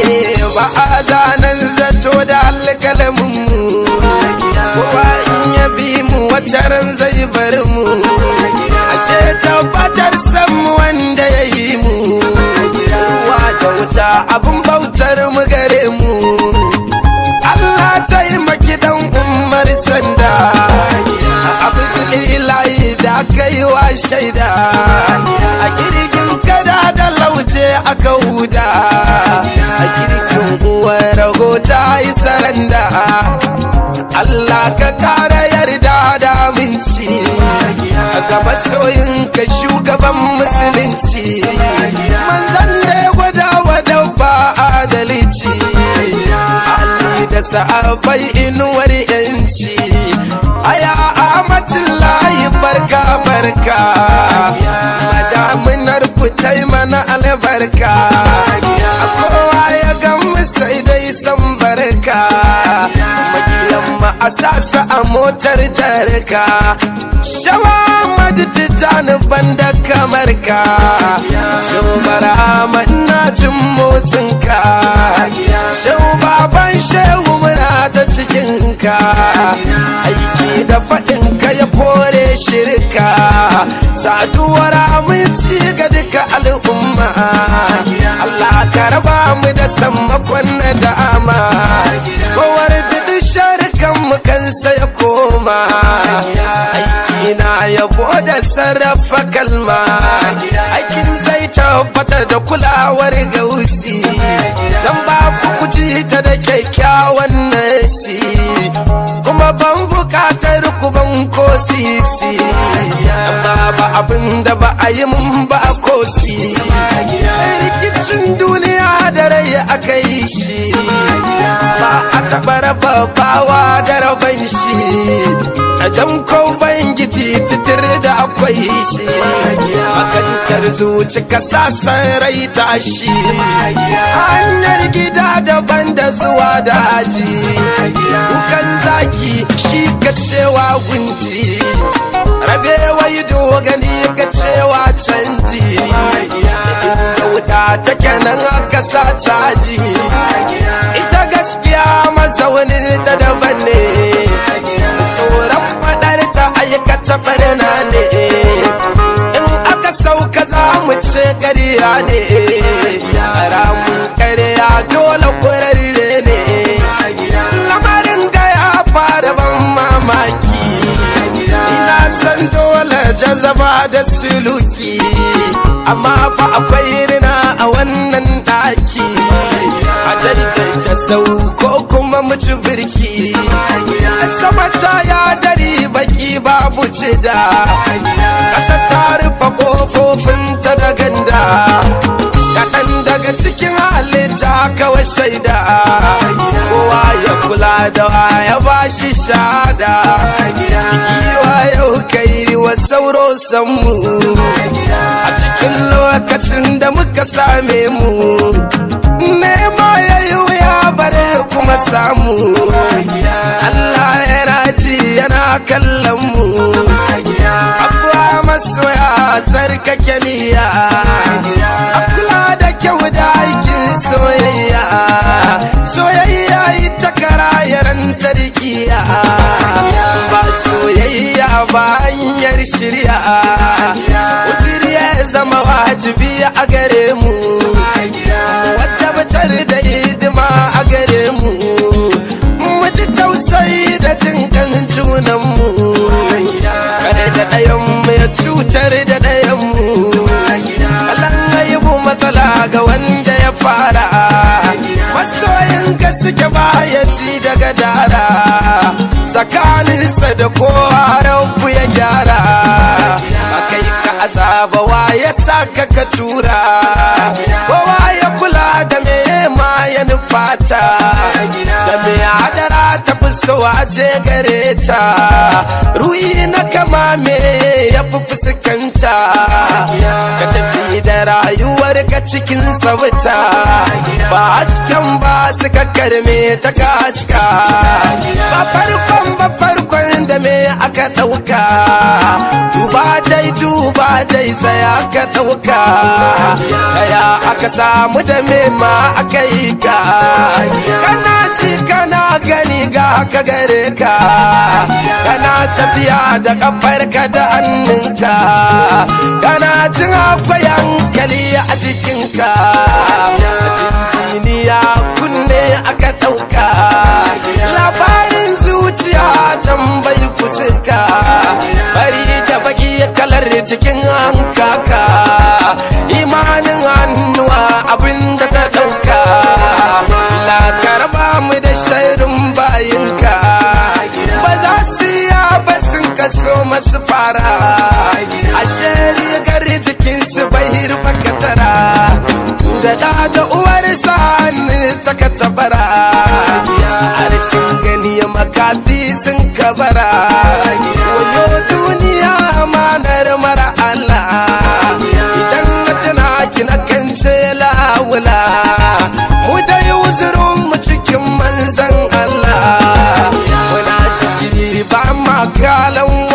Eh, ba a zanen zato da alƙalaminmu, kowa in ya bi mu wataran zai bari mu, ashe tabbatar san wanda ya yi mu, wata wuta abin ga masoyin ka shugaban musulunci manzan da ya gwada wa dauba adalci Ali da sa'afai inuwar yanci aya amatullahi barka barka madamunar ku mana albarka asasa a motar tarka shawa maditani banda kamar ka shubara manna cin motsin ka shubaban shehu muna ta cikin ka aiki da faɗin ka ya fore shirka saduwar aminci ga duka al'umma Allah ka raba mu da samakon na dama kowar duk kansa ya koma aikina yabo da sarrafa kalma aikin zai tabbatar da kulawar gausi zan ba ku kuji ta da kyakkyawan nasi kuma ban bukatar ku ban ko sisi amma ba abin da ba a yi mun ba ko si tabara raba bawa da raban shi dan ko bangiji titir da akwai shi makantar zuci ka sasan rai ta shi hanyar gida daban da zuwa da aji kukan zaki shi ka cewa gunji rabe wai dogani ka cewa canji wuta ta kenan aka sa caji ita gaskiya san dole jazaba da suluki amma fa akwai rina a wannan daki a ta sau ko kuma mutu birki sama ta ya dari baki babu cida mafita kawai shaida kowa ya kula da ya ba shi shada giwa yau kai wa sauro sanmu a cikin lokacin da muka same mu nema ya yi wuya bare kuma samu Allah ya ji yana kallon mu abuwa masoya zarkake niyya soyayya soyayya ita karayaran tarkiya ba soyayya ba hanyar shirya usiriya ya zama wajibi a gare mu wata batar da hidima a gare mu muji tausayi da jin kan junanmu kare da ɗayan mai cutar da ɗaya fara masoyin ka suke ci daga dara tsakaninsa da kowa ya gyara kai ka azaba wa ya saka ka tura kowa ya kula da me ma ya nufata da me hadara ta fi a gare ta ruhi na kama me ya fi fuskanta ka tafi da rayuwar ka cikin sauta ba hasken ba suka karme ta ka haska ba farkon ba farkon da me aka ɗauka duba dai duba dai tsaya ka ɗauka kaya aka samu da me ma aka yi ka kana ci kana gani ga haka gare ka kana tafiya da kafar ka da hannu hannunka kana cin akwayan hankali a jikinka jiniya kunne aka ɗauka labarin zuciya can bai kusurka bari da baki kalar jikin hankaka imanin hannuwa abinda ta ɗauka la karba mu da shairin bayinka ba za su yi sun kaso masu fara sun kabara wayo duniya manar mara Allah idan na tana kina kan ce lawula mu dai uzurin mu cikin manzan Allah wala shikiri ba ma kalan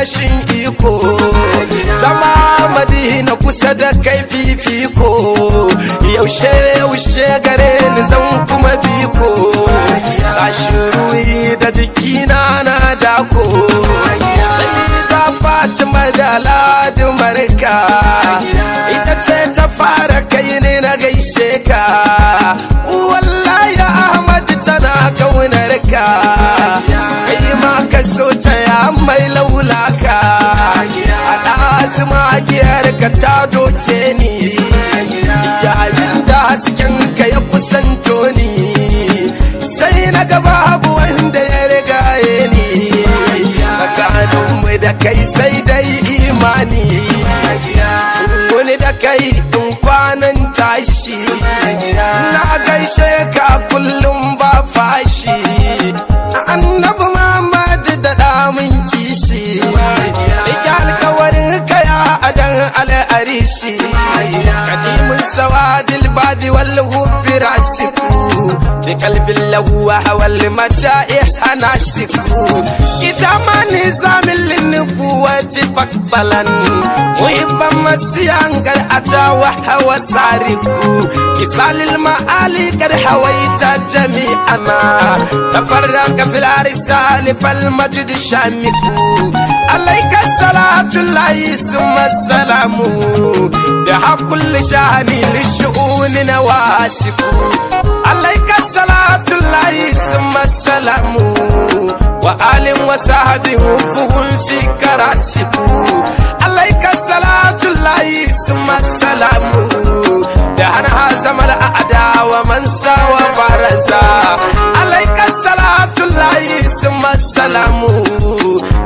rashin iko zama madina kusa da kai fifiko yaushe yaushe gare ni zan kuma biko sashi ruhi da jikina na dako ta fatima da aladu marka ita ce ta fara kai ne na gaishe ka wallahi tana kaunar ka kai ma ka so ta ya mai laulaka ka a ɗazu magiyar ka ta doke ni yayin da hasken ka ya kusanto ni sai na ga babu wanda ya rigaye ni mu da kai sai dai imani wani da kai لو حول متائح انا شكور كدما نظام للنبوة فاقبلا محبا مسيان قد اتاوى حوى سارقو كسال المآلي قد حويت جميع ما تفرق في الارسال فالمجد شامكو عليك صلاة الله ثم السلام بها كل شأن للشؤون نواسكو عليك salatu salatullahi summa salamu wa alin wa sahabihum fuhum fi karasiku alaika salatullahi summa salamu da hana zamar a'ada wa mansa wa faransa alaika salatullahi summa salamu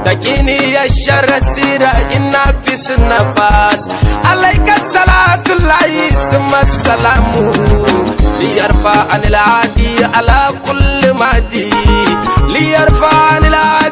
da kini ya sharasi da ina fi sunna fas alaika salatullahi summa salamu ليرفع عن العادي على كل مادي ليرفع عن العادي